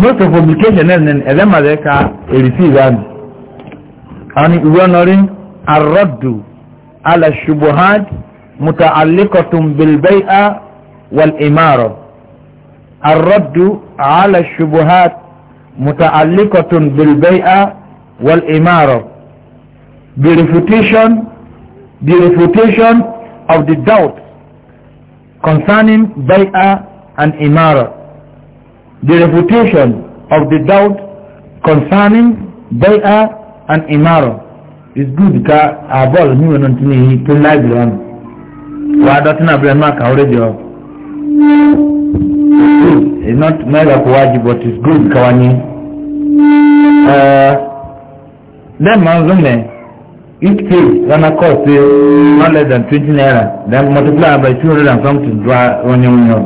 most of publication ẹni ẹlẹ́mà rẹ̀ ka èrìsí ani àwọn arraddu ala arọ́dù alasubuhad mutaalikotun bilbai'a wal imaro arọ́dù alasubuhad mutaalikotun bilbai'a wal imaro the refutation the refutation of the doubt concerning bay'a and imaro the reputation of the doubt concerning Baya and imara is good ka abol ni wonon tini to live on wa dot na bre ma ka ore jo is not mega ko waji but is good ka wani eh uh, then man ne each page gonna cost say not less than twenty naira then multiply by two and something onyonyo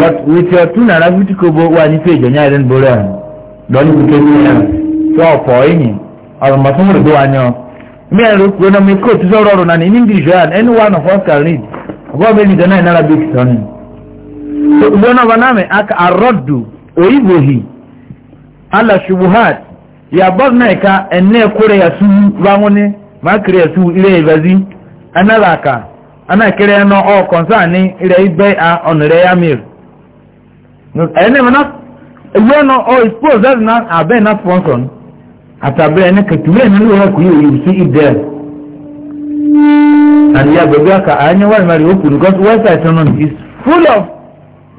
but with your two naira fifty kobo wa ni page onye iron bore ahụ lọnyi take twenty naira so ọpọ enyi ọrụ mbọ fún rẹ̀dọ̀ anyọ mẹ́rin ló kúrò náà mi kó tí sọ̀rọ̀ ọ̀rọ̀ náà english and any one of us can read ọgbọ́n mi nìkan náà arabic sọ́ni. ìgbọ́n náà wọn náà mi aka arọ́dù oyinbohi alasubuhat yabọ́ ma kiri su ire ibezi analaka ana kiri no o concern ire ibe a onire ya mir no ene mana ewe no o expose that na abe na sponsor atabe ne ketule ne lo ku yi si ide and ya bebe aka anya wal mari open because website no is full of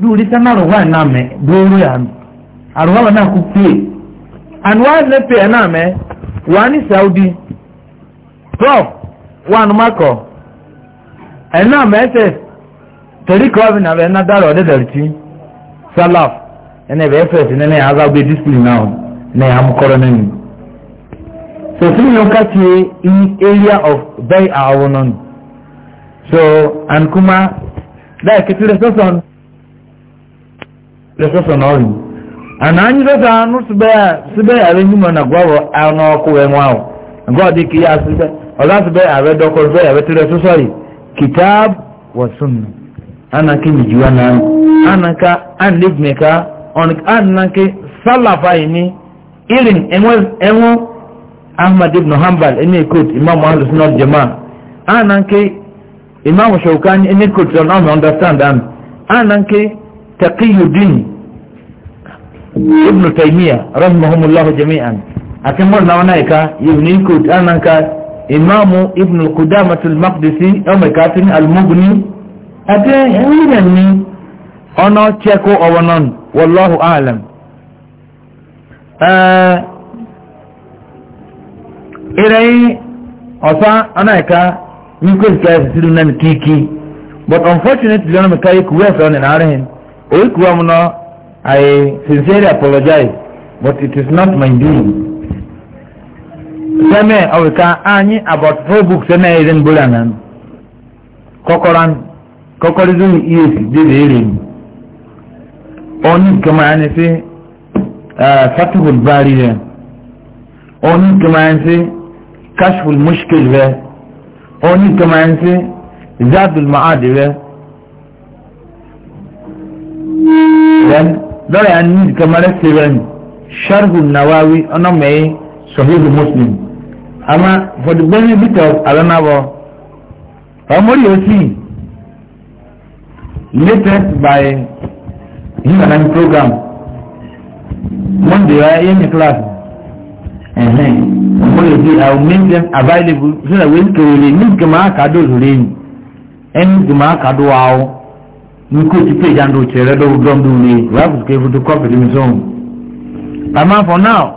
do listener wa na me do ya aruwa na ku pay and why le pay na me wani saudi twelve one makọ ẹnna mẹsẹ tẹri kọfin na ẹnna dara ọdẹ salaf ẹnna ẹbẹ fẹs ẹnna ẹyà náà ẹnna ẹyà nínú so fún yóò kàtí in area of bẹ́ẹ̀ àwọn náà so and kuma dáì kẹtí rẹsọsọn rẹsọsọn ọrìn àná anyi sọsọ anú síbẹ̀ síbẹ̀ àrẹ nà gbọ́wọ́ àwọn ọkọ̀ ẹ̀ wọ́n àwọn gbọ́dọ̀ síbẹ̀. ọ̀láti bẹ́ ààrẹ dọ́kọ̀rọ̀ bẹ́ ààrẹ tẹ́lẹ̀ tó sọ́rì kìtàb wọ̀sùnù anake nìjúwa náà anaka anlẹ́gbẹ̀ka anake sálàfà ìní irin ẹ̀wọ̀n ahmad ibn hanbal ẹni ekot imam ahalusun of jama anake imam shaukani ẹni ekot ọ̀nà ọ̀nà understand am anake taqiyudin ibn taymiya rahmahumullahu jami'an àti mọ́ọ̀nà wọn náà ẹ̀ka yìí ní ekot anaka imamu ibn al-qudamah al-maqdisi ọmọ ìkàtí al-mughni àti ẹ̀yìnlẹ̀ ní ọ̀nà chẹ́kọ̀ ọ̀wọ̀ náà wọ́lọ́hù alam ìrẹ̀yìn ọ̀sá anáìka ní kò ìkà ìsìsìlú náà kíkí but unfortunately ọ̀nà mẹ́ka ikú wẹ́ẹ̀fẹ́ ọ̀nà àárín oríkùwà mú náà i sincerely apologize but it is not my doing sɛmɛ ɔwika anyi about four books sɛmɛ yɛ den bola nan kɔkɔran kɔkɔri zu iyesi de de yɛrɛ mu ɔni kama yɛ ne se ɛɛ fatihul baari yɛ ɔni kama yɛ se kashful mushkil yɛ ɔni kama yɛ se zadul ma'adi yɛ then dɔw yɛ kama yɛ sɛbɛn sharhu nawawi ɔnɔ mɛ muslim ama for the benefit of alanabo famori osi latest by human program monday wa yẹn ni class uh-huh, famori osi i will make them available so that when to ní kìmọ̀ àkàdó òṣèré yìí ẹni kìmọ̀ àkàdó àwọ̀ ní kò tí pèjà ń do òṣèré lọ́wọ́ dọ́ndọ́ rẹ̀ ráfùsì kẹfù tó kọ́ pẹ̀lú mi sọ́hùn. àmọ́ for now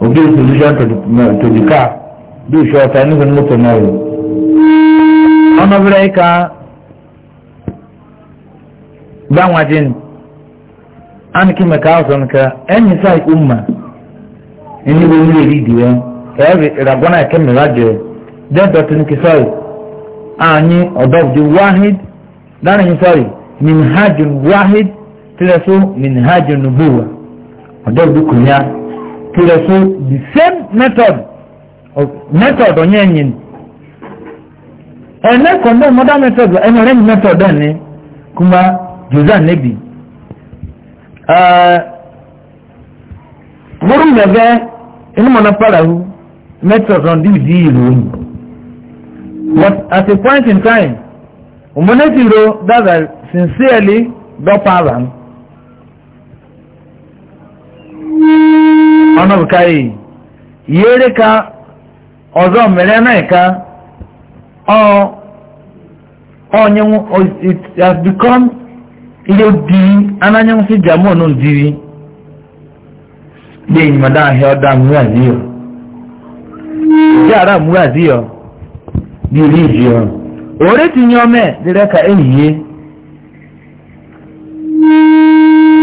a give solution to the, to the car do short time even more tomorrow ọnọbìnrin kan báwọn ajé aniki mẹka ọsọ nìkan ẹni sáì umma ẹni wo ní èrì ìdìbò ẹrì ìràgbọ́nà ẹ̀kẹ́ mìíràn jẹ dẹ́ntọ́ tó ní kí sọ́ọ̀rì ààyè ọ̀dọ́bùdì wáhid dáná yín sọ́ọ̀rì minhajun wáhid tí lẹ́sọ́ minhajun nubuwa ọ̀dọ́bùdì kùnyà. kìlẹ̀ so the same method of method ọ̀nyẹ́ ẹ̀yìn ẹ̀nẹ́ kọ̀ndọ̀ mọ́dá method ẹ̀nà rẹ̀ method ẹ̀ ní kuma joseph nebi mọ́rú mẹ́fẹ́ inú mọ́ná pàràwù method ọ̀n dí ìdí ìròyìn but at a point in time òmùnẹ́sìrò dàgbà sincerely dọ́pàrà. ọnọbụ ka in ka ọzọ mere na e ka ọ ọ nyụngwa it has become ihe anaghị anya nkwụsị jamono ziri ndị enyima ndị amụghị aziyo. ndị ara dị ihe iji ọrụ oretu nye ome dị ka ehihie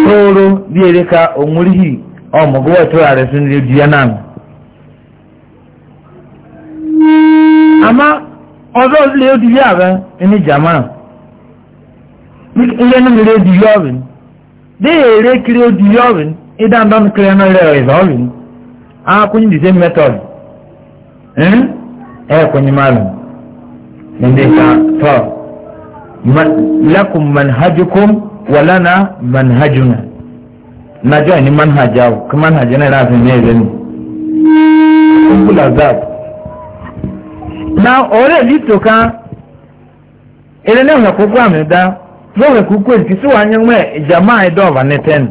ruru dị ka ọ ihe. ọ gbọ́ ẹ̀tọ́ ààrẹ sínú ojú yẹn náà. àmọ́ ọ̀dọ́ ilé ojú yẹn ààrẹ ẹni jàmá ilé nínú ilé ojú ya ọ̀rìn dé èrè kiri ojú yẹn ọ̀rìn ìdáńdọ́nù kiri ẹnu ilé ọ̀rìn same method ẹ̀ kúnyìn máa lò níbi ká tọ́ lakum manhajukum walana manhajuna. najọ́ ní manhaja o kí manhaja náà láti ní ẹ̀rẹ́ mi. simple as that. na ọ̀rẹ́ lítò kan eré náà wọ̀n kókó àmì dá lọ́wọ́ kókó èsì sí wàá nyẹ́wọ́ ìjàmbá ẹ̀dọ́ ọ̀bà ní ten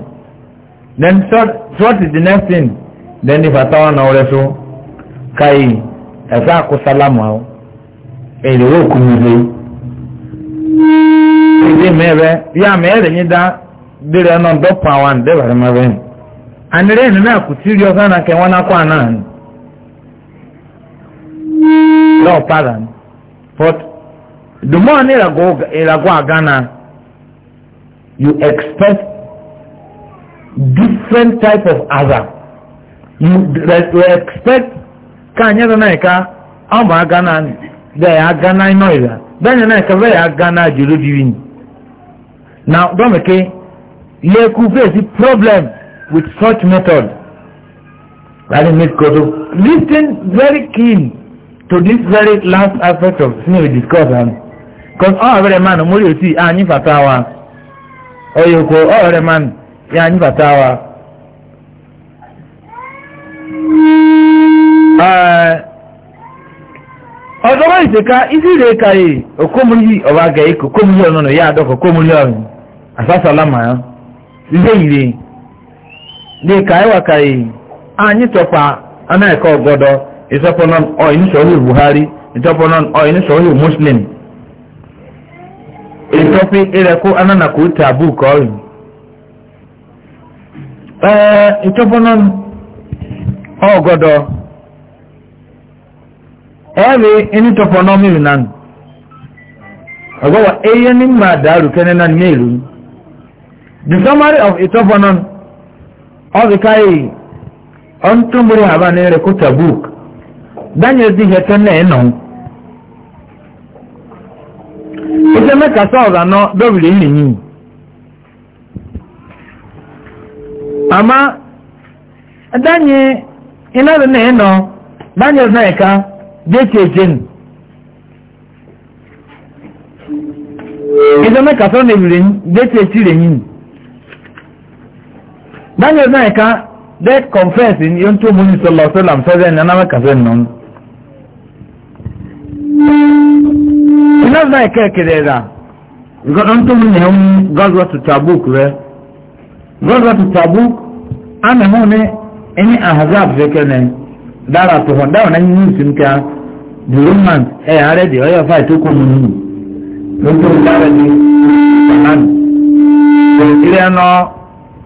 then what is the next thing then if àtàwọn na ọ̀rẹ́ so káyì ẹ̀fọ́ àkósálámù àwọn èrè wọ́n kú mi lé. ìdí mẹ́rẹ̀ yá mẹ́rẹ̀ yín dá. dịrị ọnụ ndọpụ awa ndebara mara m anịrị nị na-akụtiri ọka na nke nwana akwa na anyị lọ para but the more ni ịragụ aga na you expect different type of other you, you expect ka anyị dị na-eka ọ bụ aga na bẹ́ẹ̀ aga na ịnọ ịra bẹ́ẹ̀ ni na-eka bẹ́ẹ̀ aga na juru dị na dọmike yẹ kú face the problem with such method. láti make kodo lis ten very keen to this very last aspect of sin we discuss am because all of them man omori oti anyi ah, fata wa oyoko all of them man ya anyi fata wa. Uh, ọ̀dọ́ wa ìṣèká ìṣirò ìkàyè òkòmùlì ọ̀bàgà ikọ̀ òkòmùlì ọ̀nà yà àdọ́kọ̀ òkòmùlì ọ̀rìn àṣàṣàlámà yẹn. ihe iri dị ka ịwa ka ị anyị chọkwa anaghịkọ ọgọdọ ịchọpụnọ ọyịn sọhị buhari ịchọpụnọ ọyịn sọhị muslim ịchọpụ ịrekụ ananakụ tabu ka ọrịa ee ịchọpụnọ ọgọdọ ebe ịnịchọpụnọ mmiri na ọgọwa eyi ni mmadụ arụkene na mmiri the summary of itofanon ọzikayi ọntụmgburi haba na ereku tabuk daniel dị hete na ịnọ ise meka sọl anọ dobiri irinyi ama daniel ịnọdụ na ịnọ daniel na ịka jeti ejenu ise meka sọl na ebiri jeti eti irinyi daniel náà ka death confess ní ohun tí ní sọlọ sọlọ àmúfẹ́fẹ́ ní anáwẹ́kàfẹ́ nù. iná náà ká kéde rà nǹkan tó mú ní ẹ̀hún gọ́dọ̀ tó tabuk rẹ gọ́dọ̀ tó tabuk àmì hún ní ẹni ahazab fẹ́kẹ́ ní dára tó hàn dáwọn ẹni ní ìsìn ká the romans ẹ̀ ààrẹ di ọyọ fáì tó kù mú nínú lójú ìdára ní ọ̀nà ìrẹ́ náà.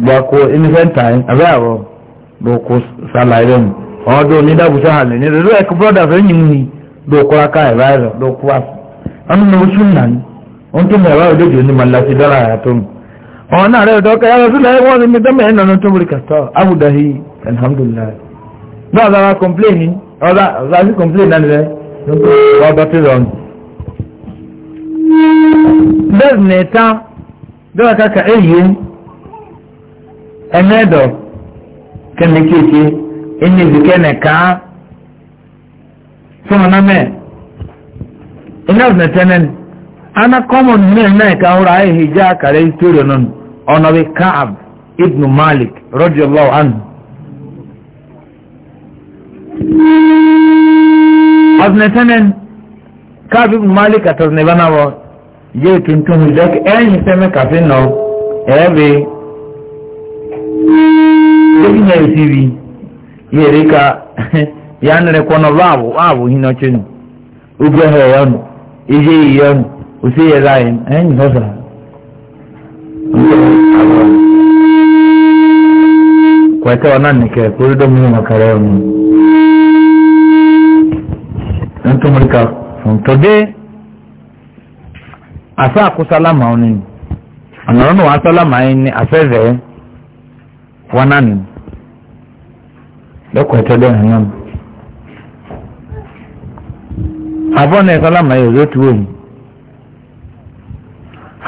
gbàkó innocent time abẹ́ àwọ̀ lóko sàlàyé mu ọdún onídàbùsọ àlẹ́ ní rẹ̀ lóko brothers ẹ̀yìn ni lóko aka ẹ̀rọ ẹ̀rọ lóko àfọ̀ ọdún ní oṣù nàní ohun tó mẹ́rọ ọdún jù ní malasi dọ́là àyàtọ̀ mu ọ̀hún náà rẹ̀ dọ́kẹ́ yàrá sílẹ̀ wọ́n ní dọ́mẹ̀ ẹ̀ nànà tó wọlé kàtọ́ abudahi alhamdulilayi náà ọ̀dà wa kọ̀mpléènì ọ̀dà ọ̀dà sí kọ̀mpléènì náà rẹ̀ ọ̀dọ̀ ti rọ̀ bẹ́ẹ̀ neta, do dọ́là kàkà ẹ̀yìn ẹnẹdọ kẹnẹkẹkẹ ẹnẹdìkẹ nẹka fún ọnàmẹ ẹnẹdọ nẹtẹnẹ ana kọmọ mẹrin náà ẹka ọrọ ayé hijá kàrẹ ìtòrò nínú ọ̀nàbí kaab ibnu malik rọjòlọ anu. ọ̀nẹtẹnẹ kaab ibnu malik àtọ̀nẹ̀bánáwọ̀ yé tuntun ìjọ ẹ̀yìn sẹ́mi kàfin náà ẹ̀ẹ́bí. Ebi na esiri yere ka ya nere kwano babu babu hino chenu. Ugwe he yonu. Ije yi yonu. Use ye zayin. Enyi hosa. Kwete wana nike kuri domu makare yonu. Ntumulika. From today, asa akusalama onini. Anaronu wa asalama ini afeze. Afeze wananin lọ́kọ̀ọ́tọ́ lẹ́yìn náà abọ́nà ẹ̀kọ́ lámàáyé ọ̀rẹ́ tó wọ̀nyí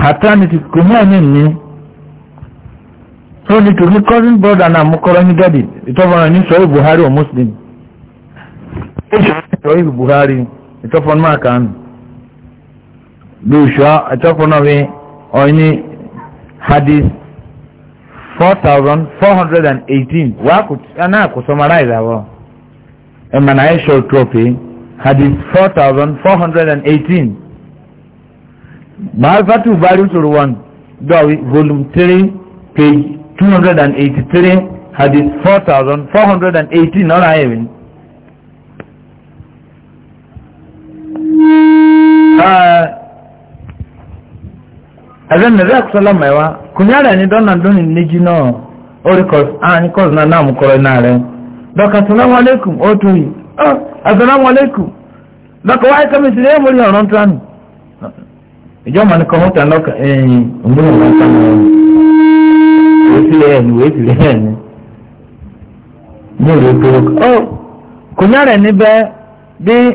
hatani ti kò mọ́ ẹ̀mí mi tó nítorí cousin brother náà mú kọ́rọ́ ní dádì ìtọ́fọ́nà ní sọ́yìn buhari o muslim ó ṣe sọ́yìn buhari ìtọ́fọ́nà máa kàn án lóòṣùá ìtọ́fọ́nà wí ọ̀yìn hadith 4418 wàá kò summarize àwọ̀ ẹ̀mọ̀nà ẹ̀ṣọ́ trophy hadith 4418 mahalfatu bari suru 1 dawi volume Three, page Two hundred and eighty-three 283 hadith 4418 ọ̀rọ̀ ayẹ̀wé. Uh, azan nabi akusala maiwa kunyara ni dɔn na dɔn ni neji nɔ ori ni na naamu kɔrɔ naa rɛ dɔka salamu aleykum o tu yi ɔ asalamu aleykum dɔka waa kami sire mori ni ma ni kɔmɔ ee ta o ni o ni ɔ kunyara ni bɛ bi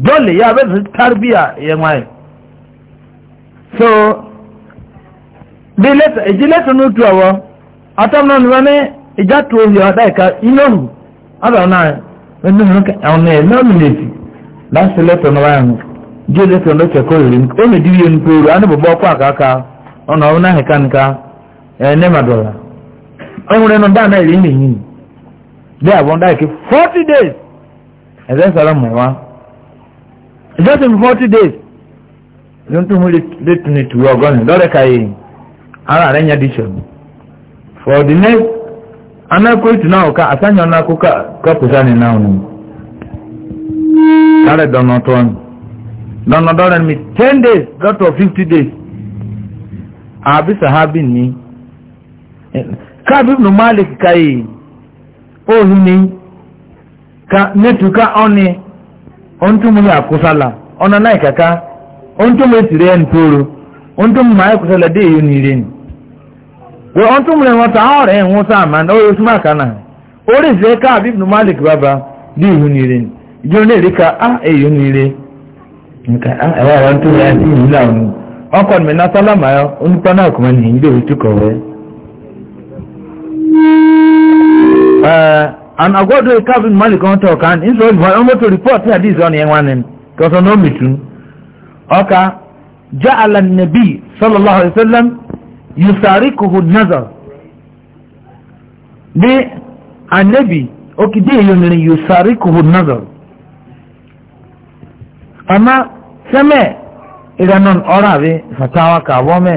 dole ya bai tarbiya ya mai so bí lẹ́tọ̀ èjì lẹ́tọ̀ ní ojú ọwọ́ atọ́mọ́ ní wọ́n ní ìjà tó omi ọ̀dá ìka inóhù ọ̀dọ̀ náà ẹni ọ̀rọ̀ ẹ̀wọ̀n náà ẹ̀mí ọ̀mí lèsì láti lẹ́tọ̀ ní wáyà mú jí lẹ́tọ̀ ní ọ̀chẹ̀ kórìrì ó mi dìbí ẹni just in forty days ló ń tún mú létí ní tùwọ́ ọgọ́rin lọ́rẹ̀ káyé ara rẹ̀ ń yá for the next anakorit náà ká àtàyàn náà kó kọ́pùsá ni náà nù kárẹ̀ dọ̀nà tó ń dọ̀nà dọ̀rẹ̀ mi ten days lọ́tọ̀ fifty days àbí sahabi ni kábí nù malik káyé òhun oh, ni ká nẹ́tùká ọ́ni. Oh, ontumu ya kusala ona ikaka ontumu etire ya ntoro ontumu ma kusala de yo nire ni we ontumu le wata ore en o yusma kana ori ze ka ibn malik baba de yo nire ni jo ne rika ah e nire nka ah e wa e, ontumu ya ti ni la okon na sala ma yo na kuma ni we eh, and agodo ikabin malik on talk and israel wa omo to report here this on yan wanen cause no me too oka ja'ala an-nabi sallallahu alaihi wasallam yusari an-nazar bi an-nabi okide yonere yusari an-nazar ama seme iranon orawe fatawa ka wome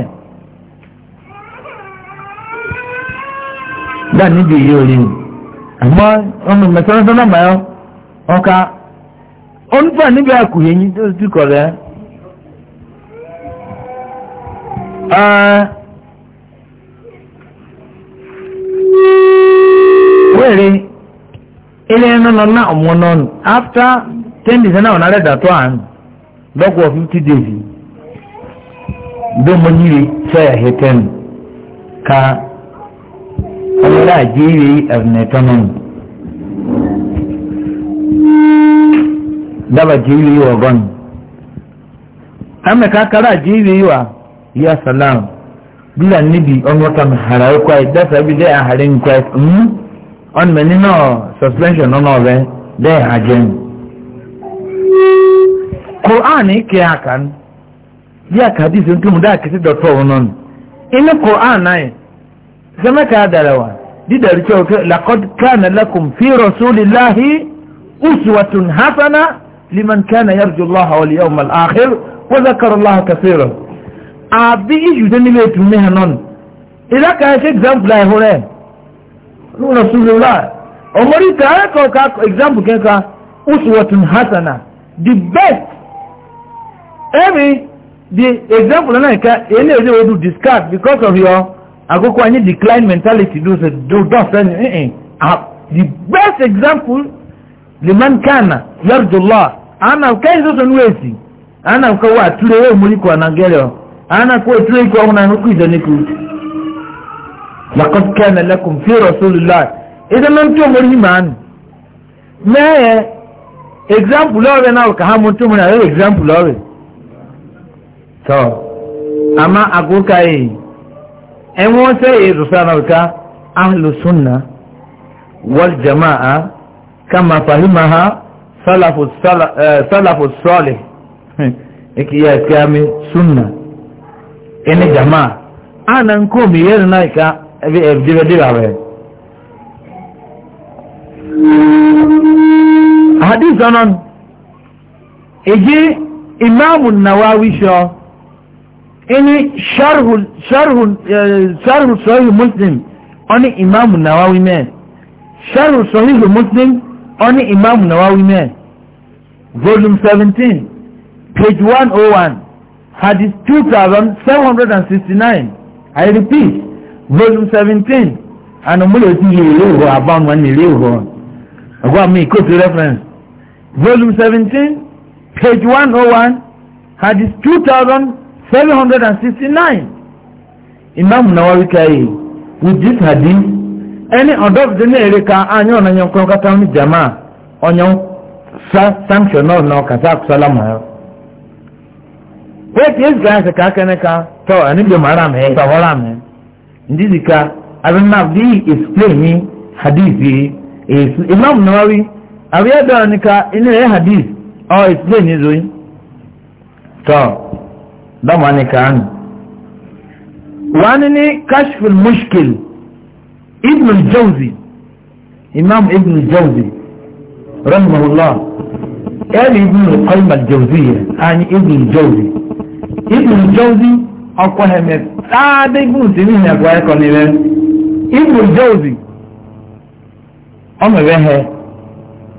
da ni bi yorin àmọ́ ọmọ mẹsàn-án náà mọ̀ ọ́ka onífà níbi àkùyé yín tó ti kọ̀ rẹ̀ ilé ẹnu nọ náà ọmọ náà nù after ten days náà ọ̀nà rẹ̀ dàtọ̀ àánú lọ́kọ̀ fifty days bí mo yí sẹ́yà hẹ́tẹ́nu ká. kuma da jere yi ɗarnetonin daba jere yi wa gon amurka kara jere yi wa ya salam bila nibi on wata harai kwai dasa bi dai a harin kwai on meni no suspension on no be dai hajen qur'ani ke akan ya ka di sun kuma da ka ti doctor wonon ina qur'ani zama ka darawa didar kyau laqad kana lakum fi rasulillahi uswatun hasana liman kana yarju Allah wal yawm al akhir wa dhakara Allah kaseeran abi iju dani me tunne hanon ila ka she example ai hore nu rasulullah omori ka ko ka example ke ka uswatun hasana the best every the example na ka ele ele we do discard because of your àkókò anyi decline mentality do se do don se ni eh eh ah, the best example the man kana yarjullah ana kai so so nwesi ana ko wa ture we muri ko na gere ana ko ture ko na ku idani ku laqad kana lakum fi rasulillah idan nan to muri man me example ore na ka ha mun to mun example ore so ama agoka eh ẹ̀wọ̀n ṣe èso sanarka ahlusunna wal jama'a kama fahimaha salafu eh, salafu sọ́ọ̀lì ikiya iskami sunna ẹni jama'a ana nkomi yẹn náà ika ẹbi ẹbi dìbẹ dìbẹ abẹ. hadith ọ̀nà ìjì imaamu nawawi sọ ini sharhu sharhu eh, sharhu sahih muslim oni imam nawawi me sharhu sahih muslim oni imam nawawi me volume 17 page 101 hadith 2769 i repeat volume 17 and omule ti ye ile iho abound one ile iho agwa mi quote reference volume 17 page 101 hadith 2000 769 imam nawawi kai with this hadith any adult dị na-ere ka anyị ọnanya nkwekọta ndị jamaa onye sanction nọ na ọkata akwụsala ma ya wet yes gaasị ka akene ka tọ ani bi mara me ta wala me ndi dika abin na bi explain hadith is imam nawawi abiya da ni ka ina hadith o explain ni zo to dama ni kan wani ne kashful mushkil ibn jauzi imam ibn jauzi rahimahullah yani ibn qayyim al-jawziyya yani ibn jauzi ibn jauzi ọkọ hẹmẹ táadé ibn tèmi ní ẹgbẹ ẹkọ níbẹ ibn jauzi ọmọ ẹbẹ hẹ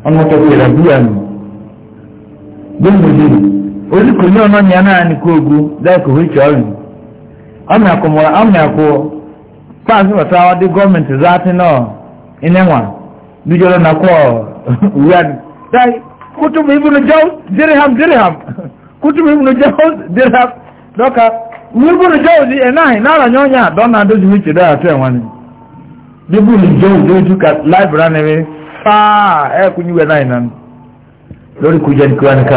ọmọ tó kẹrẹ bíyà mi bí mo ozuku ní ọ̀nà nyà náà ní kóògù lẹ́ẹ̀kọ̀ wíìkì ọ̀rìn ọmọ ẹ̀kọ́ mọ̀ ọmọ ẹ̀kọ́ fáàsì wọ̀tá ọdí gọ́ọ̀mẹ̀ntì záàtì náà ìnẹ́wà lójúọ̀rọ̀ náà kọ́ wíwá ni. dáì kútùmù ibùnú jọ́ọ́ dirham dirham kútùmù ibùnú jọ́ọ́ dirham dọ́ka ibùnú jọ́ọ́ di ẹ̀ náà náírà ní onye dọ́nà àdójú wíìkì dọ́yà tó ẹ̀wọ̀n ni. ka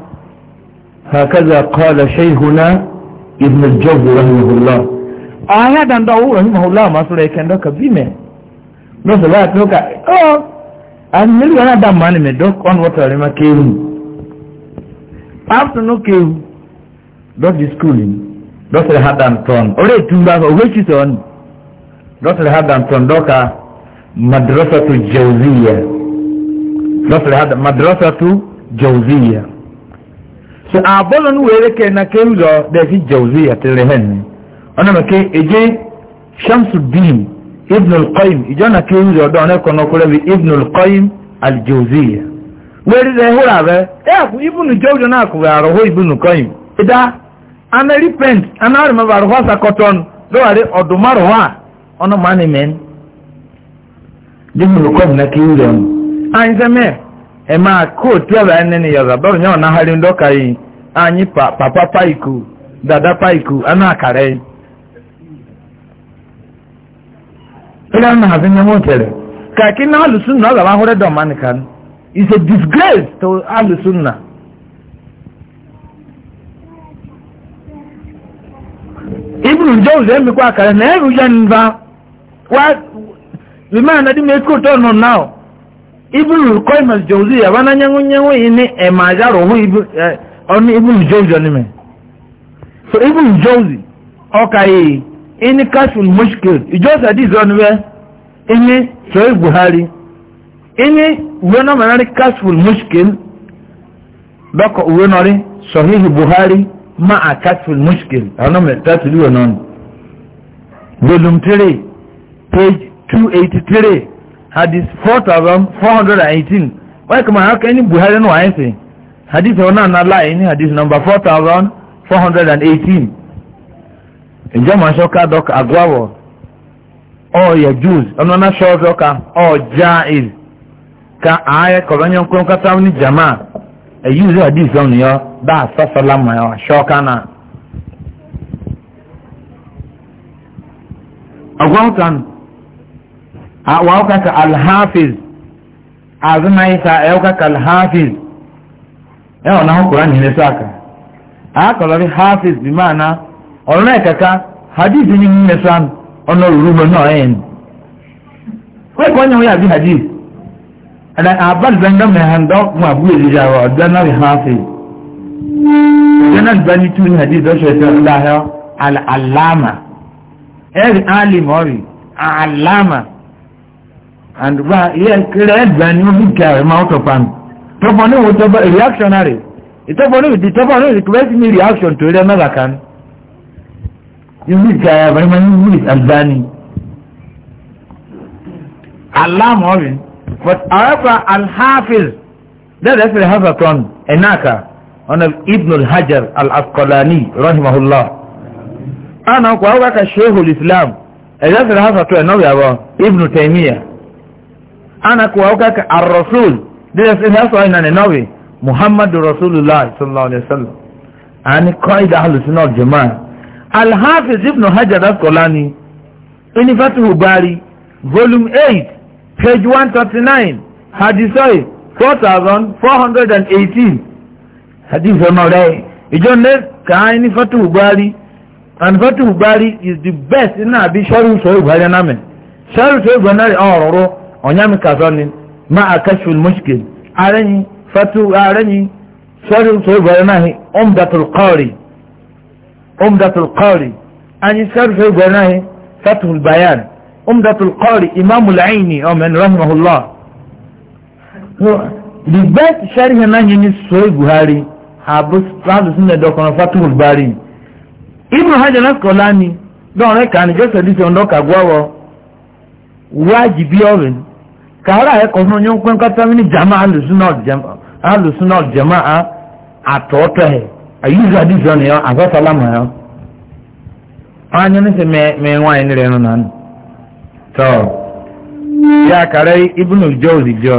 هكذا قال شيخنا ابن الجوز رحمه الله آية دان دعوه رحمه الله ما سورة كان دوكا بيمة نوصل الله تنوكا اوه أن ملي أنا دام ماني من دوك on ما لما كيهم after no كيهم دوك دي schooling دوك لي هاد دان تون أولي تنباك ويش تون دوك لي هاد دان تون دوكا مدرسة جوزية دوك لي هاد مدرسة جوزية so abọ́lọ́ ní wèrè kẹ́ na kéwù lọ bẹ́ẹ̀ fi jẹ̀wùzí àtẹrẹ hẹ́n ni ọ̀nà mẹ́kẹ́ èjé shamsuddin ibn al-qayyim ìjọ na kéwù lọ dọ̀ ọ̀nà ẹ̀kọ́ n'ọkọ rẹ̀ ibn al-qayyim al-jẹ̀wùzí wèrè rẹ̀ húra rẹ̀ ẹ̀ e àkú ibùn jẹ̀wùzí náà kò rẹ̀ àròhó ibùn qayyim ìdá ana repent ana àrùmọ̀ bá àròhó àsakọ̀tọ̀n lọ́wọ́rẹ́ ọ̀dùnmárùn-ún ɛmaa kootu ɛbɛ anyị na yɛza dɔrɔ nyɛ ɔna hali ndɔka yi papa paiku dada paiku anụ akara yi ɛna na hafi nyɛ mo tɛrɛ kaki na alusun na ɔzaba ahorɛ dɔn ma nika no is a disgrace to alụsụ na. Ibu jẹ́ òzè na akara na ẹ̀rù ya na wá lè na ẹ̀nà dí mi ekú tó nù ibulu kọ́ìmọ̀ jòzí yà wọn anyanwó nyanwó yìí ní ẹ̀mà àjárò hó ọ̀nà ibulu jòzí ọ̀nà so ibulu jòzí ọkà yìí ẹni mushkil ìjọsìn àdìsí ọ̀nà bẹ́ẹ̀ ẹni buhari ẹni ìwé náà mọ̀ mushkil dọ́kọ̀ ìwé náà rí buhari má a kashful mushkil ọ̀nà mẹ́ tàbí ìwé volume page 283 hadith 4418 why kama haka ini buhari na wayansu hadith wana na la ini hadith number 4418 injo ma shoka dok agwawo o your jews ono na shoka ka jaiz ka aya kolonyo kon ka tawni jamaa e use hadith on yo da sa salama yo uh, shoka na agwawo A waukaka alhafiz azuma isa yaukaka alhafiz yau na hukurani ne saka aka hafiz bi mana ọ̀rọ̀ ẹ̀kẹ́kẹ́ hadith ni mímẹ́ sán ọ̀nà òrùrùmọ̀ náà wọ́n kọ́ hadith ẹ̀dá àbál mẹ́hàndọ́ mú àbúrò ìdíjà rọ̀ ọ̀dọ́ rí hafiz hadith and ba yes red ban you be care amount of pan to bone wo to reactionary it to bone it to bone request me reaction to the mega can you be care very much you be albani allah moving but however al hafiz that is the hafaton enaka on ibn al hajar al asqalani rahimahullah ana kwa waka shaykhul islam ejazira hafatwa nawi abo ibn taymiyyah ana kuwa kaka ar-rasul dira sai na so ina ne nawe muhammadu rasulullah sallallahu alaihi wasallam ani qaida ahlus sunnah wal jamaa al-hafiz ibn hajar al-asqalani in fatuhu bari volume 8 page 139 hadithai 4418 hadith onore ijon ne ka ni fatuhu bari and fatuhu bari is the best in abi sharu so ibari namen sharu so ibari ororo onyami kazoni ma a kashful mushkil arani fatu arani sharru so garnahi umdatul qari umdatul qari ani sharru so garnahi fatul bayan umdatul qari imam al-aini amen rahimahullah so the best sharh na ni so buhari habus radu sunna dokon fatul bari ibnu hajar al-asqalani don re jose dise on do wajibi oven kàárà ẹ̀kọ́ fún oyún pé nkátá mi ní jama alùsùnà jama àtọ̀ọ̀tọ̀ ẹ̀ àyíṣẹ́ àdìsọ nìyẹn àfẹ́sọ́lámù ẹ̀ wọ́n á nyẹ́ ní sẹ́ mẹ́wàá ẹ̀ nílẹ̀ ẹ̀nu nànú tọ́ yà kàrẹ́ ibùnú jọ́ọ̀sì ji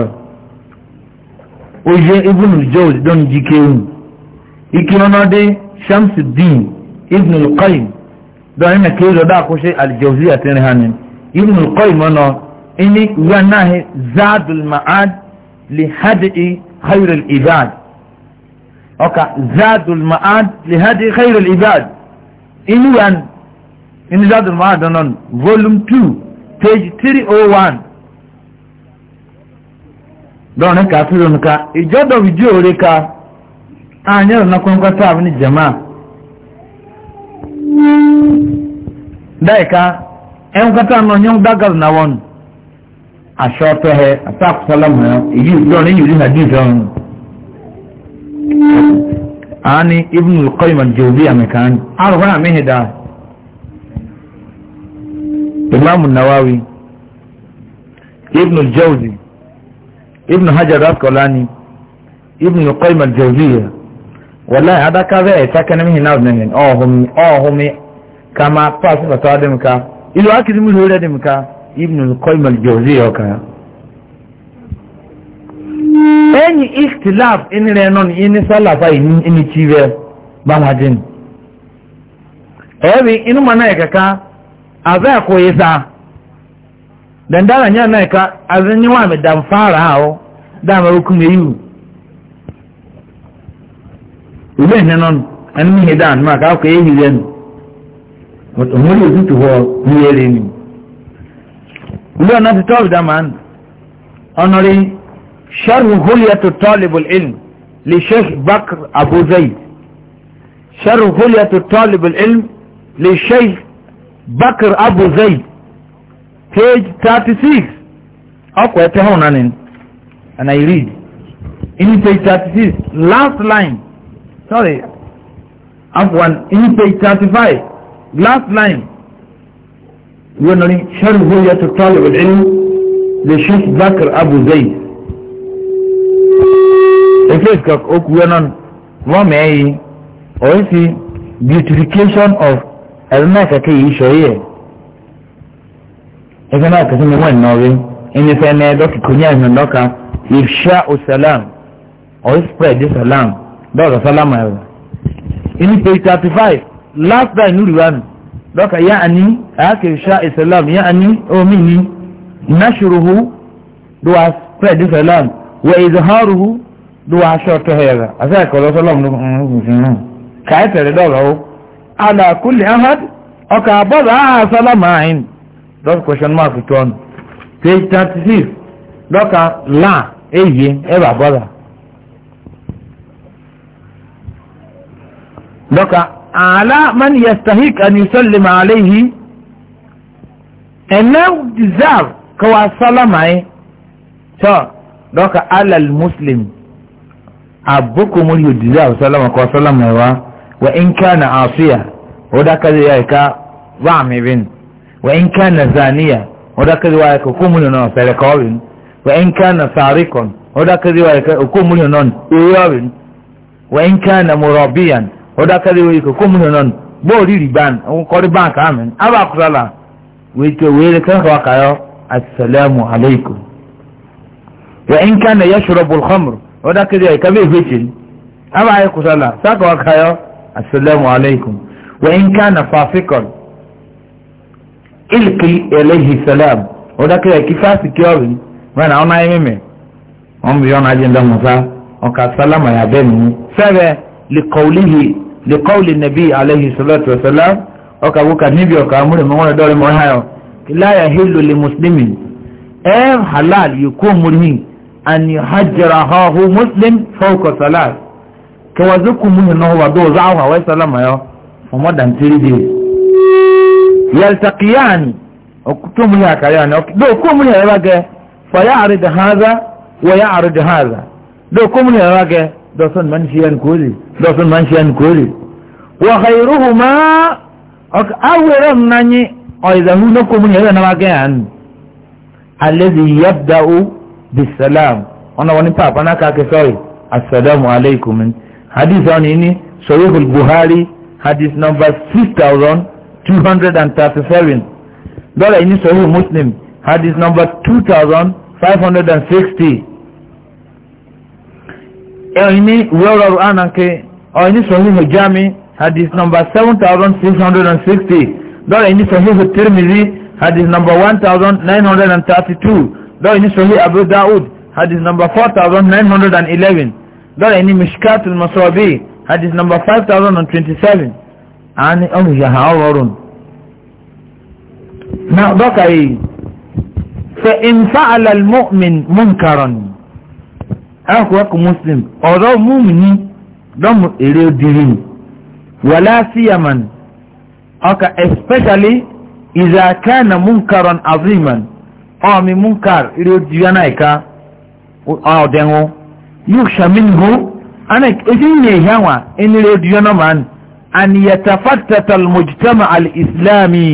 oyè ibùnú ike ibùnú ibùnú ini wanahe zadul ma'ad li hadi khairul ibad oka zadul ma'ad li hadi khairul ibad ini wan ini zadul ma'ad non volume 2 page 301 don ka firon ka ijodo video re ka anyar na kon kwata abini jama'a dai ka en kwata no nyong dagal na won aṣọ tẹ́hẹ àtàkùsọ́lámù èyí lọ́rin yìí ríhà dín ìfẹ́ràn àání ibùn olùkọ́ ìmọ̀jọ̀bí àmìkan arùgbọ́n àmìhìdá ìmáàmù nawawi ibùn olùjọ́wùzì ibùn hajjar afkolani ibùn olùkọ́ ìmọ̀jọ̀bí wọlé adákàfẹ́ ẹ̀sákẹ́nẹ́mìhìn náà nìyẹn ọ̀hùnmi ọ̀hùnmi kama pàṣípàtà dẹ́mìka ìlú akíndínmí lórí ka. ibn al-qayyim al-jawziyya ka any ikhtilaf in renon in salafa in in chiwe ba majin ebi in mana ka ka aza ko yisa dan dara nya na ka azin wa me dan fara hawo da ma hukum yiwu ube nenon an mi hedan ma ka ko yiwu yen mut umuri zutu ho ni yeleni ilé ọ̀nà ti tọ́lù dáa máa ń ọ̀nàrí sharhu huliyatu tọ́lìbùl ilm lè sheikh bakr abu zayd sharhu huliyatu tọ́lìbùl ilm lè sheikh bakr abu page thirty six ọkọ̀ ẹ̀ tẹ́hùn náà ni and i read in page thirty six last line sorry afwan in page thirty five last line. يونري شر هوية طالب العلم للشيخ ذكر أبو زيد إفلسك أك يونان ومعي ويسي beautification of الماكا كي شوية إذا ما كسمي وين نوري إن فأنا دوكي كنيا من دوكا إفشاء السلام or spread this salam دوكا سلام هذا إني page 35 last time نوري وانا دوكا يعني اكل شاء السلام يعني اومني نشره دوا سبريد السلام واظهاره دوا شرط هذا اذاك الله سلام كايتر دوله على كل احد اوكا بضع سلام عين دوك question mark تون page 36 دوكا لا ايه ايه بابا دوكا على من يستحق أن يسلم عليه and now deserve kawa salamai to doka alal muslim abukumul you deserve salama kawa salamai wa wa in kana asiya wada kaza ya ka ba mi bin wa in kana zaniya wada kaza ya ka kumul no sare kawin wa in kana sarikon wada kaza ya ka kumul no uyawin wa in ọdákẹ́rẹ́ wọ́n ikọ̀ kómìnà náà bóòrí rìbán òun kọ́rí báńkì àmì abakúrálà wíjọ wéèrè kẹ́kọ̀ọ́ àkàyọ́ àtìsàlẹ́mù aleikum. yà ń kí àná yẹ́sọ̀rọ̀ bùrùkọ́mùrù ọdákẹ́rẹ́ ẹ̀ka bẹ́ẹ̀ fẹ́tìrì abayẹ kúrálà sákọ̀ àkàyọ́ àtìsàlẹ́mù aleikum. wà ń kí àná fàfikọ̀l ilkì eléyìí sàlẹ́m ọdákẹ́rẹ́ kí fásitì kẹ́ọ̀rì mẹ́rin لقوله لقول النبي عليه الصلاة والسلام أكا بوكا نبي أكا أمور مغانا دوري مرحايا لا يهل لمسلم أم حلال يكون مره أن يحجر أخاه مسلم فوق صلاة كوازكو مره نهو ودو زعوها ويسلام يا فمدا تريدي يلتقيان أكتم لها كيان دو كم لها فيعرض هذا ويعرض هذا دو كم لها dọ́sán máa ń ṣe ẹnu kórè dọ́sán máa ń ṣe ẹnu kórè wọ́n ka ìrúhù máa ọkà awẹ́rẹ́ nanyi ọ̀ìdàmú lóko mu yẹn náà wá gẹ́ àánú alẹ́bi yabda o bi salam ọ̀nà wọn ni pàpà náà ká kẹ́ sọ́ọ̀rì asalaamu alaykum hadith ọ̀nà ni sọ̀rọ̀ buhari hadith number six thousand two hundred and thirty seven dọ́là yìí ni sọ̀rọ̀ muslim hadith number two thousand five hundred and sixty ẹni wẹ́rọ̀ ananke ẹni sọ̀hìn hujami hadith number seven thousand six hundred and sixty dọ́là ẹni sọ̀hìn hotirimizi hadith number one thousand nine hundred and thirty-two dọ́là ẹni sọ̀hìn abu daud hadith number four thousand nine hundred and eleven dọ́là ẹni mishkat masobi hadith number five thousand and twenty-seven àni ọ̀hún yàrá ọ̀rọ̀rùn. na dọ́kà yìí fẹ́ ìnfàlà mọ́mìn múnkàrọ̀nù akọ̀wẹ́kọ̀ muslim ọ̀rọ̀ múmini lọ́mù èrè òdìrí wàlá síyàmàn ọkà especially ìzàkánà munkaron aziman ọ̀mí munkar èrè òdìrí anáìka ọ̀dẹ̀wọ̀ yóò ṣàmìnhó èsì ń yẹ ìhàwà ẹni èrè òdìrí ọ̀nàmàn àni yàtàfàtàtà mọ̀jítàmà alìsìlámì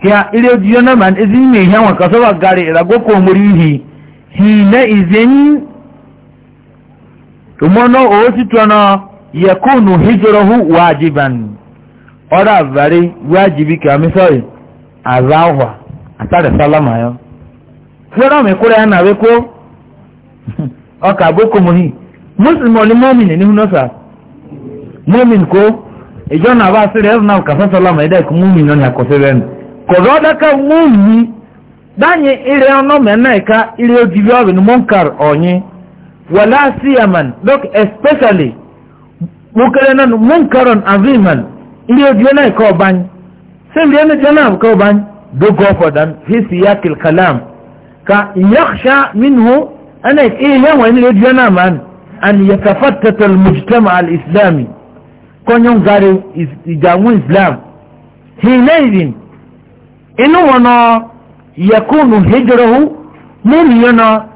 kí a èrè òdìrí ọ̀nàmàn èsì ń yẹ ìhàwà kàṣọ́wà gàrí ìràgókò mọ̀rí yìí hìnà tòmọ́nà owó títọ́ náà yẹkùnù hijirahu wájiban ọ̀rọ̀ àbárí wájibi kàmí sọ́ọ̀rì àzáwà àtàrẹ sálámà yọ. fúlọ́rọ̀ mi kúrẹ́ ẹ̀ nàwé náà bá sílẹ̀ ẹ̀rù náà kàfẹ́ sálámà ẹ̀dá ẹ̀kú mọ́mìn náà ní àkọsẹ́ rẹ̀ nù. kọ̀dọ̀ ọ̀dọ́kà mọ́mìn na ولا سيما دوك especially mukaranan munkaran aziman iyo jona ko ban sem yana jona ko ban do go for dan fi siyak al kalam ka yakhsha minhu ana iya wani le jona man an yatafattat al mujtama al islami konyon gare ijamu islam hinaidin inu wana yakunu hijrahu mun yana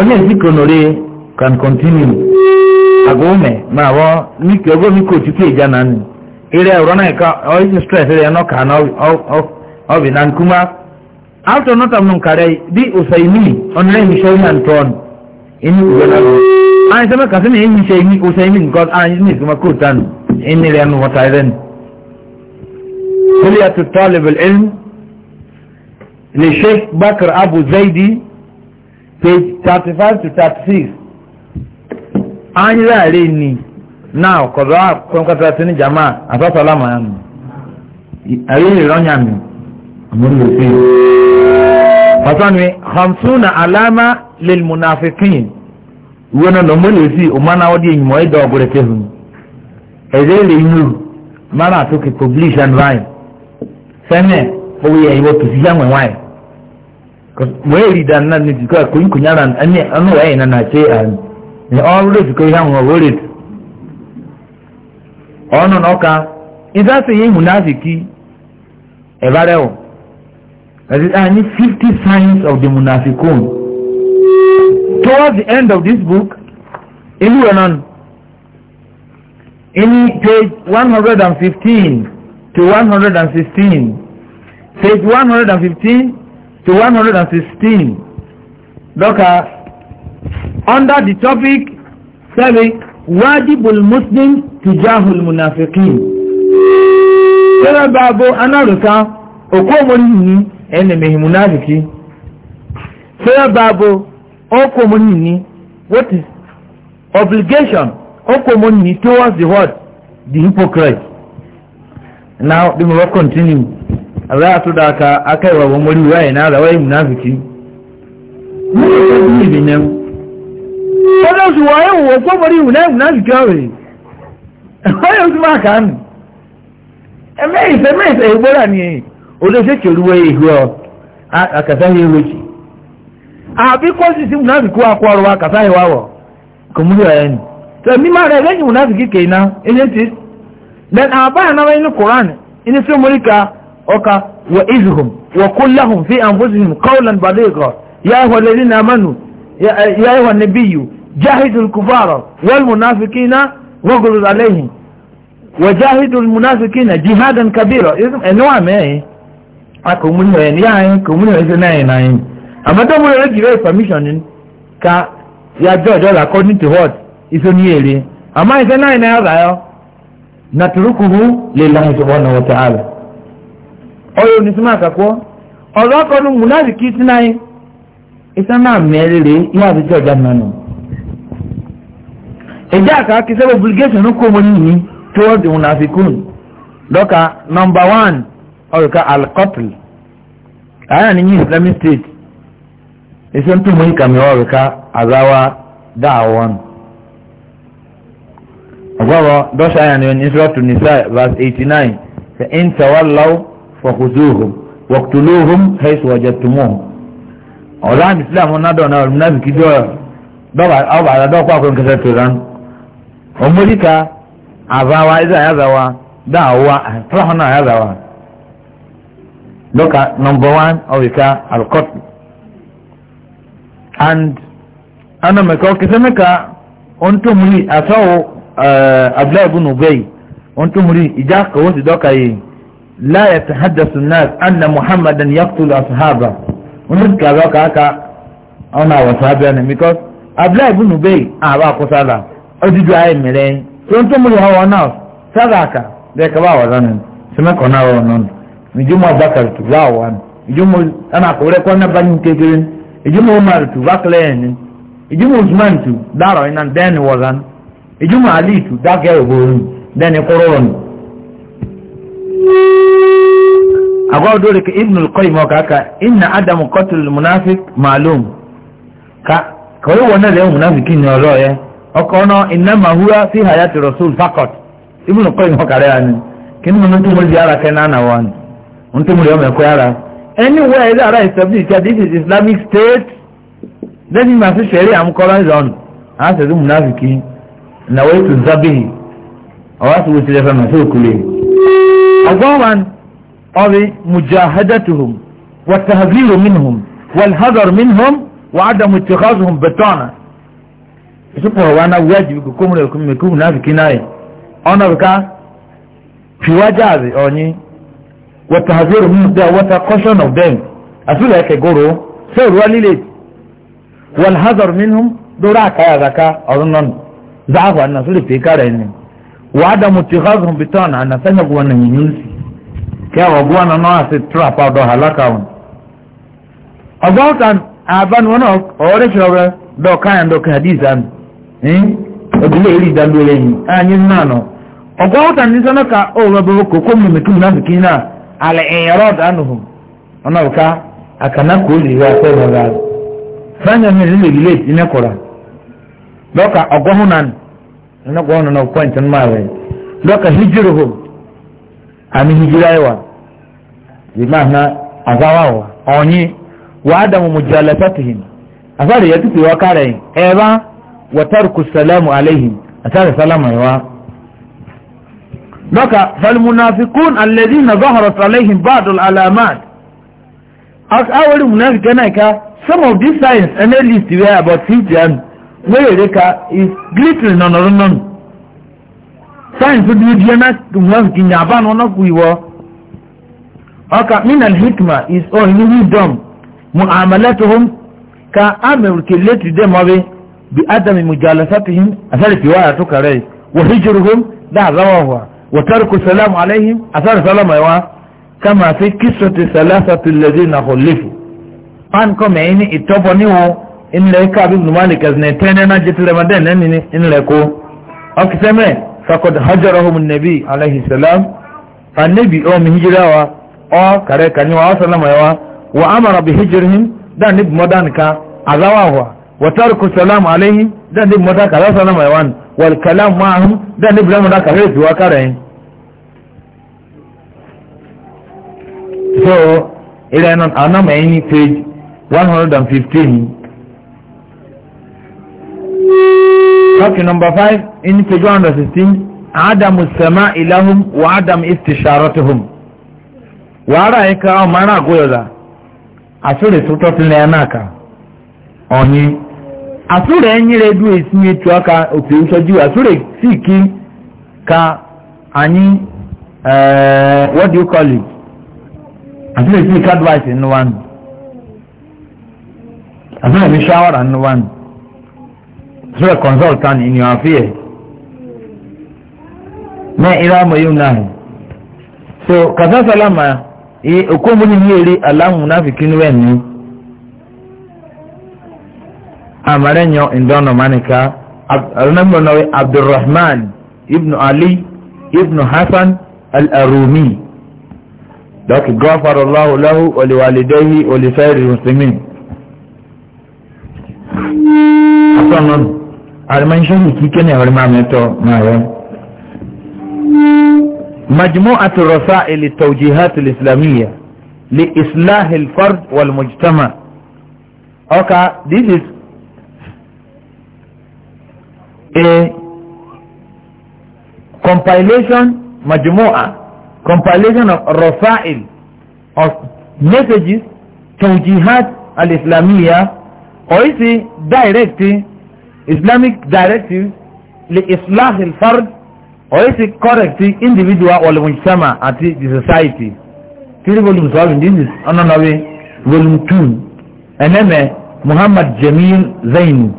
onye zikonore can continue agome ma wo ni ke ogo mi ko ti ke jana ni ire oro na ka o is stress ire no ka na o o bi nan kuma auto not am nun kare bi usaimi onre mi show han ton in wala ai sama ka sama in show mi usaimi god ai ni kuma ko tan in ire no wata iren كلية طالب العلم للشيخ بكر Abu Zaidi page thirty five to thirty six anyira re ni now kọ̀dọ̀ àkọ́kọ́tà tí ní jama àtọ́sọ́lá màá nù ayé ìrọ́nyà mi àmúrí òfin. fasanwi hamsuna alama lil munafikin wọn nọ mọ lè fi ọmọ náà ọdí ẹyìn mọ ẹdọ ọgbọrẹ tẹhùn ẹdẹ lè yú mara àtọkẹ publish and wine sẹmẹ owó yẹ ìwọ tòsí yàwọn wine wee rida na ne jiko a kun kunyara ne an waye na na ce a ne on re jiko ya mu wore ono no ka iza se yi munafiki e bare o that is any 50 signs of the Munafikun. towards the end of this book ilu anan in page 115 to 116 page 115 to 116 lọ́ka under the topic 7 wajibul muslim tijahul munafiqin tẹ́lẹ̀ bá bó anáàrùká òkú omori ní ẹnẹ̀mẹ̀hì munafiki tẹ́lẹ̀ bá bó òkú omori ní what is obligation òkú omori towards the word the hypocrite now we will continue Allah a tuda ka aka yi babban wuri waye na da waye munafiki ne ne wajen su waye wa ko bari wuna munafiki waye waye su ma ka nu eme ife me ife igbora e ni e. o le se keru waye ihu o akasa ye roji àbí kọ́sì si munafiki wa kọ́ ọ̀rọ̀ wa kàtà ìwà wọ̀ kò mú ìwà ẹni tẹ̀ mímọ́ rẹ̀ lẹ́yìn munafiki kèé náà ẹni e tí then àbáyé náà wáyé ní koran ẹni tí ó ka oka wa izhum wa kullahum fi anfusihim qawlan baligha ya ayyuha alladhina amanu ya ayyuha an-nabiyyu jahidul kufara wal munafiqina waghluz alayhim wajahidu almunafiqina jihadan kabira eno ame ako munyo en ya en ko munyo en na en na amata mo re give permission in ka ya judge all according to what is oni ere ama en na en ya ga lillahi subhanahu wa ta'ala ọyọ onísìmọ̀ àkàkọ́ ọ̀rọ̀ akọni múnáàdì kí sí náà iṣẹ́ náà mẹ́rin rèé yóò àti tí ọjà náà nù. ẹ̀jẹ̀ kí sẹ́wọ́ obligation kò mọ́ nìyí towards ìwúnàfikún lọ́ka number one ọ̀rọ̀ka alkọ́pìl àyà ni yín islamic state iṣẹ́ tó mọ́ ìkàmì ọ̀rọ̀ka àzáwá dáàwọ́n. ọ̀gbọ́n dọ́ṣà àyà ni ìṣòro tunisa verse eighty nine ṣe ń tẹ̀wá lọ́wọ́. فخذوهم واقتلوهم حيث وجدتموهم ọ̀rán islam ọ̀nàdọ̀nà ọ̀rọ̀mùnáfíkì jọ ọ̀bàdà dọ́kọ̀ àkọ́kọ́ kẹsẹ̀ tòrán ọmọdíkà àbáwa ẹ̀dá àyàzàwa dáàwá àtúrọ̀hánà àyàzàwa lọ́kà nọmba wán ọ̀wìkà alkọ́tù and anamẹ̀kọ́ kẹsẹ̀mẹ̀kà ọ̀ntúnmùrì àtọ́wò eh, abdullahi ibùnú bẹ́ẹ̀ ọ̀ntúnmùrì ìjà kọ̀wọ́sì dọ́kà yìí لا يتحدث الناس أن محمدا يقتل أصحابه ونرك أبوك أكا أنا وصحابي أنا because أبلا ابن بي أباك صلى أجد أي ملين سنت مري وناس. ناس ذاك ذلك باو ظنن سمك هنا ونن نجم بكر تباو أن نجم أنا أقول لك أنا بني كثيرين نجم عمر تباكلين نجم عثمان تبارو إن دين وزن نجم علي تباكي وبرون دين قرون agwa dole ka ibn al-qayyim ka inna adam qatl munafiq ma'lum ka kawai wannan da munafikin ne ro ye oko no inna ma huwa fi hayati rasul faqat ibn al-qayyim ka re ani kin mun tu mun yara kai nana wani mun tu mun yo ko yara anywhere i establish that this is islamic state then you must share am du munafiki na awasu أقواما أولي مجاهدتهم والتهذير منهم والحذر منهم وعدم اتخاذهم بطانة سبحانه وانا واجب كم لكم يكون نافي كناية أنا بكا في وجهة أني والتهذير منهم ده وتقشن of them أسول هيك يقولوا سيروا ليليت والحذر منهم دوراك يا ذكا أظنن ضعف أن نسول في wada mutighazhum bitana anafanya kuwananyunyuzi kia wagwana no ase trap of halaka on about aban wono ore shobe do kan do kadizan eh obile ri dandole ni anyi nano about nisana ka o wabo ko ko mitu na mikina ala irad anhum ona uka akana ko ri wa ko fanya mi ri relate doka na kwa wannan point ma wai doka hijruhum ami hijraiwa bi ma'ana azawawa onyi wa adamu mujalasatihim asare ya tuti wa kare eba wa tarku salamu alaihim asare salama wa doka fal munafiqun alladhina zaharat alaihim ba'd alamat as awal munafiqana ka some of these signs and at least we are about 50 wéèrè ka glittering nọ nọrọ nọ nù sáyẹnsì dúró díẹ̀ náà tùmùlọ́sì kì í nyà bá minal hikma is all in wisdom mu amalatuhum ka amurke letu dem ọbẹ bi adami mujalasatihim asari fiwa ya tuka rai wa hijiruhum da zawa wa wa tarku salamu alaihim asari salama yawa kama fi kisoti salasatu lezi na hulifu. pan kọ́ mẹ́yìn ní ìtọ́bọ̀ níwọ̀n inle ka bi numani kazne tene na jitu ramadan nan ni inle ko akiseme faqad hajarahum an-nabi alayhi salam annabi o mi hijrawa o kare kanyo wa sallama yawa wa amara bi hijrihim da nib modan ka azawa wa wa tarku salam alayhi da nib modan ka sallama yawan wal kalam ma'ahum da nib modan ka rezu wa kare so ila nan anama yin page 115 Talking number five in page 116. Adamu sama ilahum wa adam istisharatuhum. Wàhálà Wara ká ọmọ ara àgóyọ̀dà. Àsúrè tó tọ́tún lẹ́yìn náà ká. Ọ̀yin. Àsúrè ẹ̀yìn rẹ̀ dúró ìsinmi ètò ọkà òtù ka anyị uh, eh, what do you call it? Àsúrè sì advice nínú wa nù. mi sura consult ani ni wọn fi yẹ ní irá mọ yóò náà so kàtà sálámà òkú mu ni yìí èrè aláhùn náà fi kínú ẹ̀ ní amara nyɔ ndɔnɔ manika arinambo nɔwe abdulrahman ibn ali ibn hasan al-arumi dɔki gɔfaro lahu lahu oliwalidehi olifɛri muslimin asɔnnɔnu almanshari kike ne wani mameto مجموعة الرسائل التوجيهات الإسلامية لإصلاح الفرد والمجتمع أوكا this is a compilation مجموعة compilation of رسائل of messages توجيهات الإسلامية or is it direct islamic directive le islah alfard ọ̀yẹ́ ti correct individual ọ̀lẹ́mọ̀jìsámà àti the society three volumes of indices ọ̀nànàwé volume two ẹ̀nẹ́mẹ̀ uh, muhammad jamil zainu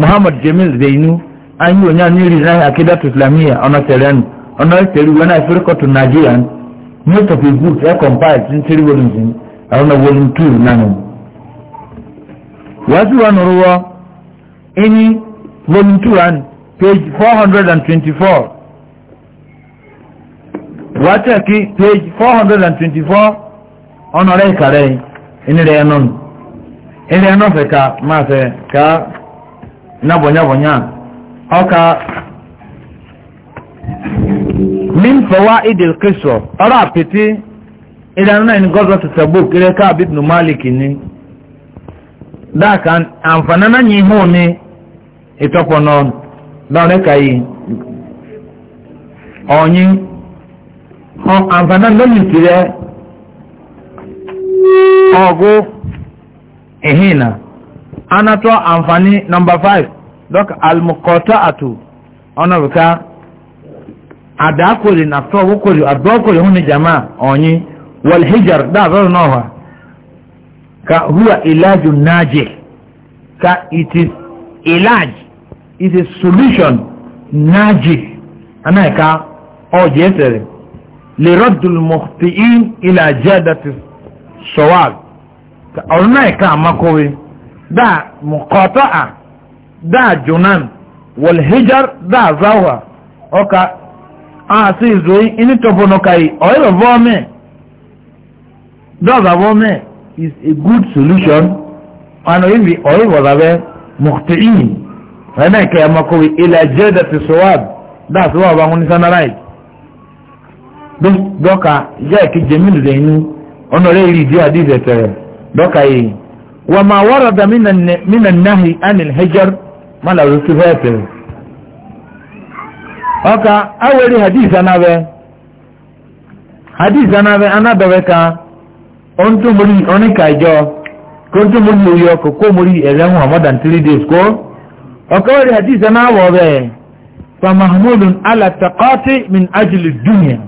muhammad jamil zainu anyi onye ni rizan akidatu islamiyya ọ̀nà tẹ̀rẹ́nu ọ̀nà tẹ̀rẹ́ wọn náà ìfẹ́rẹ́kọ̀ to nigerian most of the books are compiled in three volumes ọ̀nà volume two nanu. wàásù wa nùrù wọ volume 2 and page 424 wateki page 424 ọ̀nà rẹ̀ kàrẹ́ inú rẹ̀ ẹnu inú rẹ̀ ẹnu fẹ́ ká máa fẹ́ ká nábọ̀nyábọ̀nyá ọkà min fọwá idil kristo ọ̀rọ̀ àpètí ìdáná náà ní gọ́ọ̀dọ̀ tẹ̀tẹ̀ bó kéré ká abid malik ni dáàkà àǹfààní náà yìí hùn ni ìtọ́pọ̀nà lọ́rẹ́ka yìí ọ̀yin hàn àǹfààní lónìí tirẹ̀ ọ̀gọ́ ìhìnà anatọ́ àǹfààní nọmba five dọ́kà àlùmọ̀kọ́tọ́ àtù ọ̀nàbùká àdàkòrè nàtọ́ òkòrè àdọ́kòrè hún ní jama ọ̀yin wọ̀lhíjàr dáàbọ̀rọ̀ náà wà ka huwa ìlàjù nájẹ̀ ka it is ìlàjì is a solution naji anaika ọjọ ẹsẹrẹ lè rọdùn mọ̀tìín ilẹ̀ àjẹ́dàtì sọ́wàl ọ̀rọ̀ náà ẹ̀ka àmàkọ́wé dáa mọ̀kọ́tọ́ à dáa jonan wọ̀lẹ́hìjàr dáa záwà ọkà àti ìzòyí inú tọ́pọ̀nọ́ka yìí ọ̀yọ́ vọ́ọ̀mẹ́ dọ́ọ̀dà vọ́ọ̀mẹ́ is a good solution ọ̀nà ìbí ọ̀yọ́ ìbọ̀dàbẹ́ mọ̀tìín. wẹ́nà ìkẹ́ ọmọkùnrin ilẹ̀ jẹ́dẹ̀ ti sọ́wọ́d dáàsí wọ́n ọba wọn ní sanarite dọ́kà ìyá ìkejì mi lè ní ọ̀nàrẹ́ ìrì ìdí àdìsẹ̀ tẹ̀rẹ̀ dọ́kà yìí wọ́n máa wọ́rọ̀ dà mínà náhì anil hijab mọ́lá ló ti fẹ́ tẹ̀rẹ̀. ọkà awẹ́rì hadith anábẹ́ hadith anábẹ́ anábẹ́wẹ́ ka ọ̀ntúnmọ́lì ọ̀nìkàjọ́ kọ́ntúnmọ́lì oyè ọkọ̀ kó mọ́lì ẹ̀rẹ́hùn ọmọdàn three days kọ́. ọ̀kọ́wẹ́rẹ́ hadith ẹ̀ máa wọ̀ bẹ́ẹ̀ fa mahmudun min ajili dunya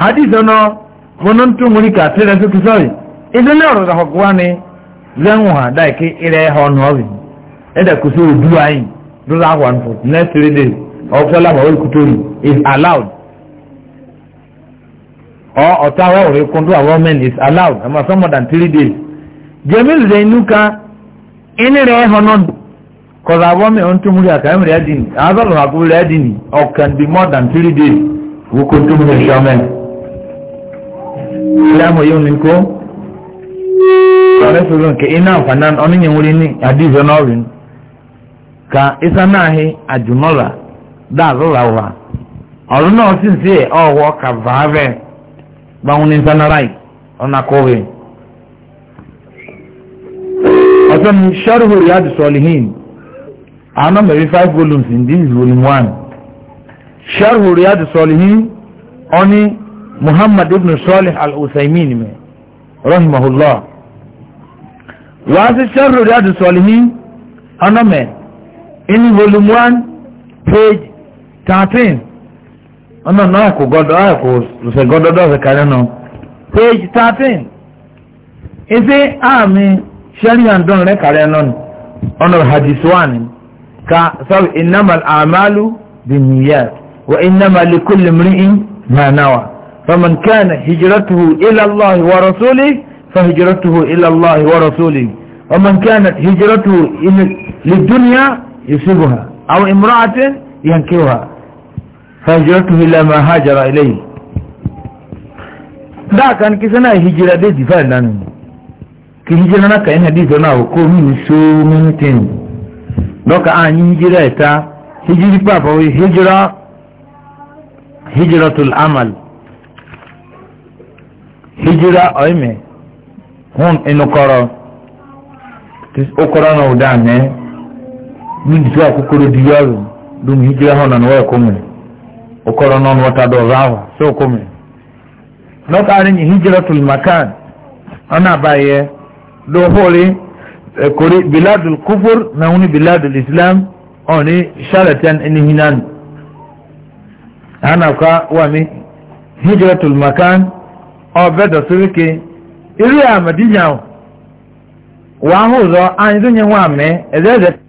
hadith nọ fúnun tún múni kà tí rẹ̀ sókè sọ́ọ̀rì ìdílé ọ̀rọ̀ ni zẹ́wọ̀n hà dáìkì ìrẹ̀ ẹ̀ hàn ọ̀rì ẹ̀dà kò sí òdu ayé next three days ọ̀fọ́lá wà orí is allowed ọ̀ ọ̀tá wà orí kúndú is allowed ẹ̀ máa more than three days jẹ́mi lè nuka ẹni Because I want me on to Muria, I'm ready. As of a good ready, or can be more than three days. We could do the shaman. Salamu yoni ko. Kọ̀rẹ́ sọ̀rọ̀ nke iná fanan ọ̀nìyàn wọlé ní àdìsọ náà rìn. Ka isa náà hí àjùmọ̀lá dáàzọ́là wà. Ọ̀rọ̀ náà sì ń sí ẹ̀ na ka vàárẹ̀ gbanwó ní sanarai ọ̀nà kọ̀wé. Ọ̀sán ni Ṣọ́rùhùrì Adùsọ̀lìhìn Anna Mary five volumes in this volume one. Sharhu Riyadu Solihin oni Muhammad ibn Salih al-Uthaymin me rahimahullah. Wasi Sharhu Riyadu Solihin ana me in volume one page thirteen ana na ko godo ay ko se godo do se kare no page thirteen ise ami shari and don re kare no ono hadith one ka sabu innamal amalu binniyat wa innama likulli imri'in ma nawa faman kana hijratuhu ila Allah wa فهجرته إلى الله ورسوله ومن كانت هجرته للدنيا يصيبها أو امرأة ينكرها فهجرته إلى ما هاجر إليه دا كان كسنا هجرة دي فعلا كهجرة نكا إن حديثنا وكو من سو dɔka anyi hijira ita e hijiri papa wi hijira hijiratul amal hijira ɔyime hun inukɔrɔ e okɔrɔ na o daa mɛ mi akwụkwọ akokoro di yɔlu dum hijira hɔn na ni wɔyɛ kɔmi okɔrɔ na ɔnu wɔta dɔ zaawa so kɔmi dɔka anyi hijiratul makan ɔna ba yɛ do kori biladul kufur na wani biladul islam oni sharatan in hinan ana ka wa mi hijratul makan o bedo surike iri amadiyan wa huzo an dunye wa me